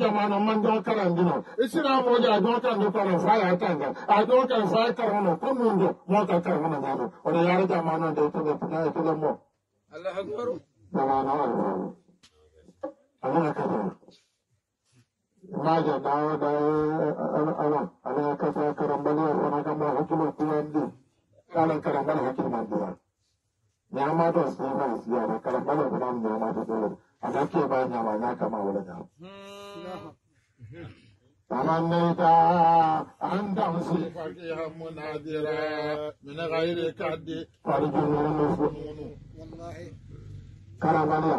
jamana man dɔn kalan dun i sira fɔ ja a dɔn kan de kɔnɔ fa y'a ta kan a dɔn kan fa ye kalan na ko min don mɔɔ ka kalan na kan don o de yɛrɛ jamana de tɛgɛ n'a ye tɛgɛ mɔ. alahu akubaru. jamana akubaru ale ka kɛra n'a jɛ daa daa ala ka kasa karambaliya fana ka ma hakili kuma di k'ale karambali hakili ma di yan ɲaama dɔ sen ka sigi a la karambali fana ɲaama de bolo a ka kɛ b'a ɲaama n'a kama wale ɲaama. Alhamdulillah, anda sudah pergi hamunadira, menegakkan kadi, parjuno, karamania.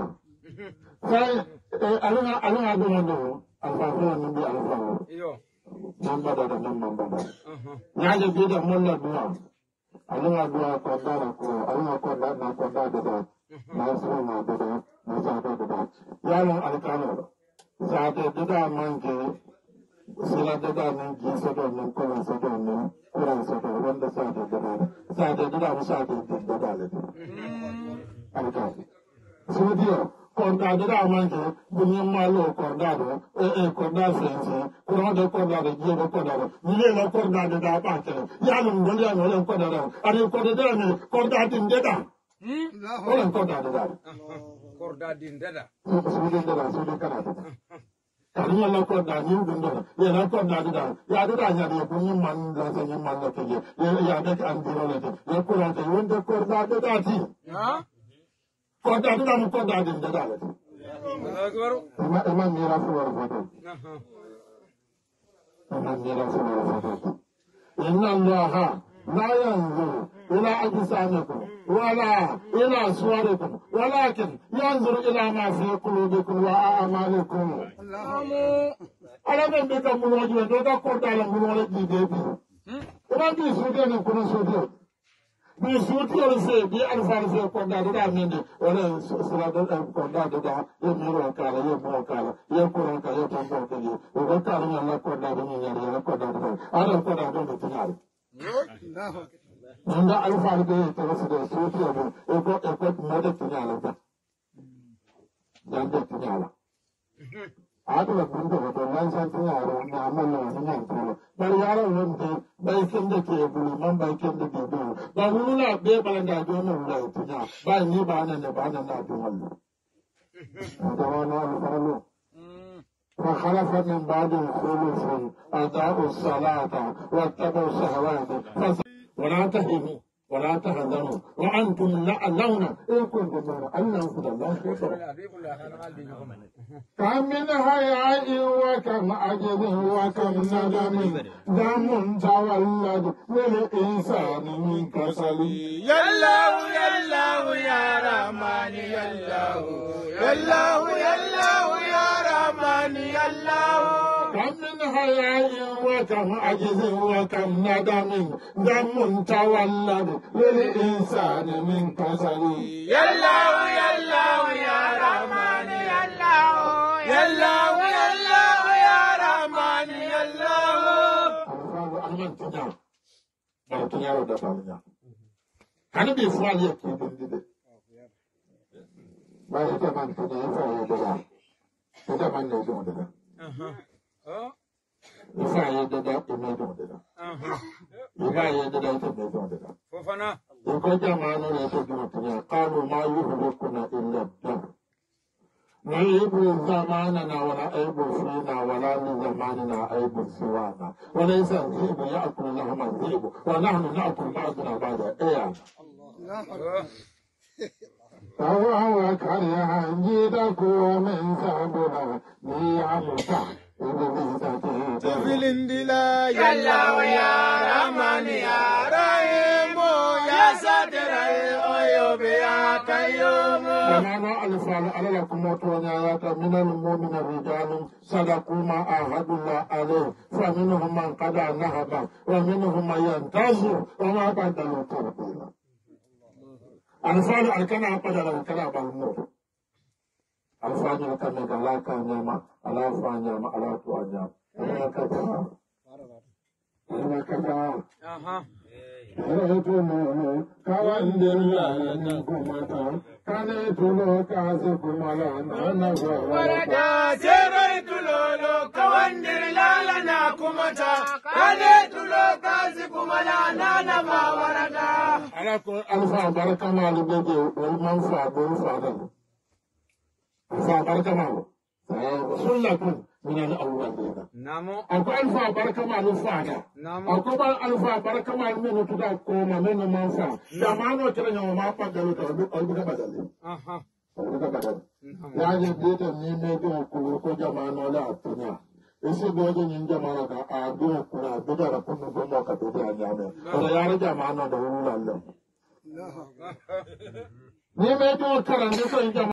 Saya, eh, alung alung abu mandu, alfa tuan nabi alfa. Iyo. Nampak ada nampak ada. Nyalah beda mulut dua, alung abu akan dana ku, alung akan dana akan dana beda, nasrul nabi beda, nasrul nabi beda. Ya Allah, alkanor. àdúgbò àmọ́ ń jẹ́ sọládọ́dọ́ àmọ́ ń jẹ́ sọ́dọ̀ mi kọ́ra sọ́dọ̀ mi kọ́ra sọ́dọ̀ wọ́n dẹ́ sọ́dọ̀ dọ́dọ̀ rẹ̀ sọ́dọ̀ dọ́dọ̀ àmọ́ sọ́dọ̀ dọ́dọ̀ rẹ̀ àbúkà sódìọ̀ kọ̀ǹda dọ́dọ̀ àmọ́ ń jẹ́ bùnú máa lọ kọ̀ǹda rẹ̀ ẹ̀ kọ̀ǹda sẹ̀nsẹ̀ kọ́ra dẹ́ kọ̀ǹda rẹ̀ jíjẹ́ dẹ́ kọ̀ǹda rẹ̀ nílé lọ kọ̀ǹda dọ́dọ̀ apá kẹrẹ yálù ń gbọ́dọ̀ àmọ́ lọ kọ̀ǹda rẹ̀ àti kọ̀ǹda dọ́dọ̀ mi kọ̀ǹda ti ń dẹ́dà ó lọ kọ̀ǹda dọ́dà rẹ̀. kọ̀ǹda ti ń dẹ́dà. kariya la ko naani yi dundo ye la ko naani daa yaa de daa yaa de ko ni man la sa ni man la ko ye ye yaa de ko an biro la de ye kura de yoon de ko naa de daa ti. ko naa de daa mu ko naa de de daa la de. i ma i ma miira fu wɛrɛ fɔ de. i ma miira fu wɛrɛ fɔ de. i na lɔha n'a y'a ye. ila abisamikum wala ila suwarikum walakin yanzuru ila ma fi kulubikum wa amalikum alaɓen ɓi ka mbuloji ɓen ɗoga kordala mbulole ɗideɓi ɗoɗa mbi suudeni kono suudio mi suutiyol fe mbi arfar fe konda ɗoɗa mini ore sirae konda ɗoɗa ye miro kala ye mo kala ye kuronka ye tonkokeyi oɗo kalañalla konda ɗo miñare yala konda ɗo ala konda ɗo mi tinaari nga alfaaliɓe tawasido sotiyamo e go e go mo ɗettu ñaala tan yan ɗettu ñaala aɗuwa bundoto man santiñaaro namalloni ñantulo ɓar yaala wonte ɓay kende kee bulu man ɓay kende ge bulu ɓa wulula ɓe ɓalanda jonon ngay tuña ɓay ni ɓanane ɓanana dugallu dawano alfaalo fa mm. halafa min baadin kulufun adau salata wattabau sahawate تهنوا ولا تهنوا وانتم نألون ان كنتم تتألون فد الله شكر كم من هياء وكم عجب وكم ندم دم تولد والانسان من كسل يا الله يا رحمن الله يا الله يا رحمن الله منها العين وكم عجز وكم ندم دم تولد للإنسان من كسل يا الله يا الله يا رحمن يا الله يا الله يا الله يا رحمن يا الله أمن تنيا أمن تنيا ودا تنيا أنا بيفعل يكيد ما هي كمان تنيا فهي بلا هي كمان يجون ده Isa ya da da ta mai da da. Isa ya da da ta mai da da. Fofana. In ko ta ma ne ya ce da mutum ya kalu ma yuhu kuna illa da. Na aibu zamana na wala aibu suna wala ni zamani na aibu suwana. Wala isa zibu ya akulu na hama zibu. Wa nahnu na akulu ma akulu ba da iya. Allah. Tawo hawa kariya hanji da kuwa min sabuna ni amuta. tofilindila yallao yaramani yaraemo yasaterae oyobea kayomoanano alfal alala kumotoñayata minal momina rijalum sadakuma ahadulla ale fa minuhuman kada nahaba wa minuhuman yantazu wama badalu tarbila alfal alkana badalakana balmoto alifanya kama malaka ya nyama anaofanya malaku wa nyama anayakataa anakataa Kanetuno kawandilana kumata kanetuno kazi kumala nana warada seretulo lo kawandilala na kumata kanetulo kazi kumala nana warada Alfa baraka malu bebe wal manfa bol fadal fa barkamao sullaku minal awwalina ako alfa barkamanu faga akoma alfa barkamanu mino tuta koma mino man fa damano tereñoma paggaluta olbuga badali yaani ɓita ni meto kuru ko jamanole a puña isigoje ñin jamanaka a do kura bugara punu gomo ka bete a ñame ono yaari jamanode wulallem ni meto karandi koye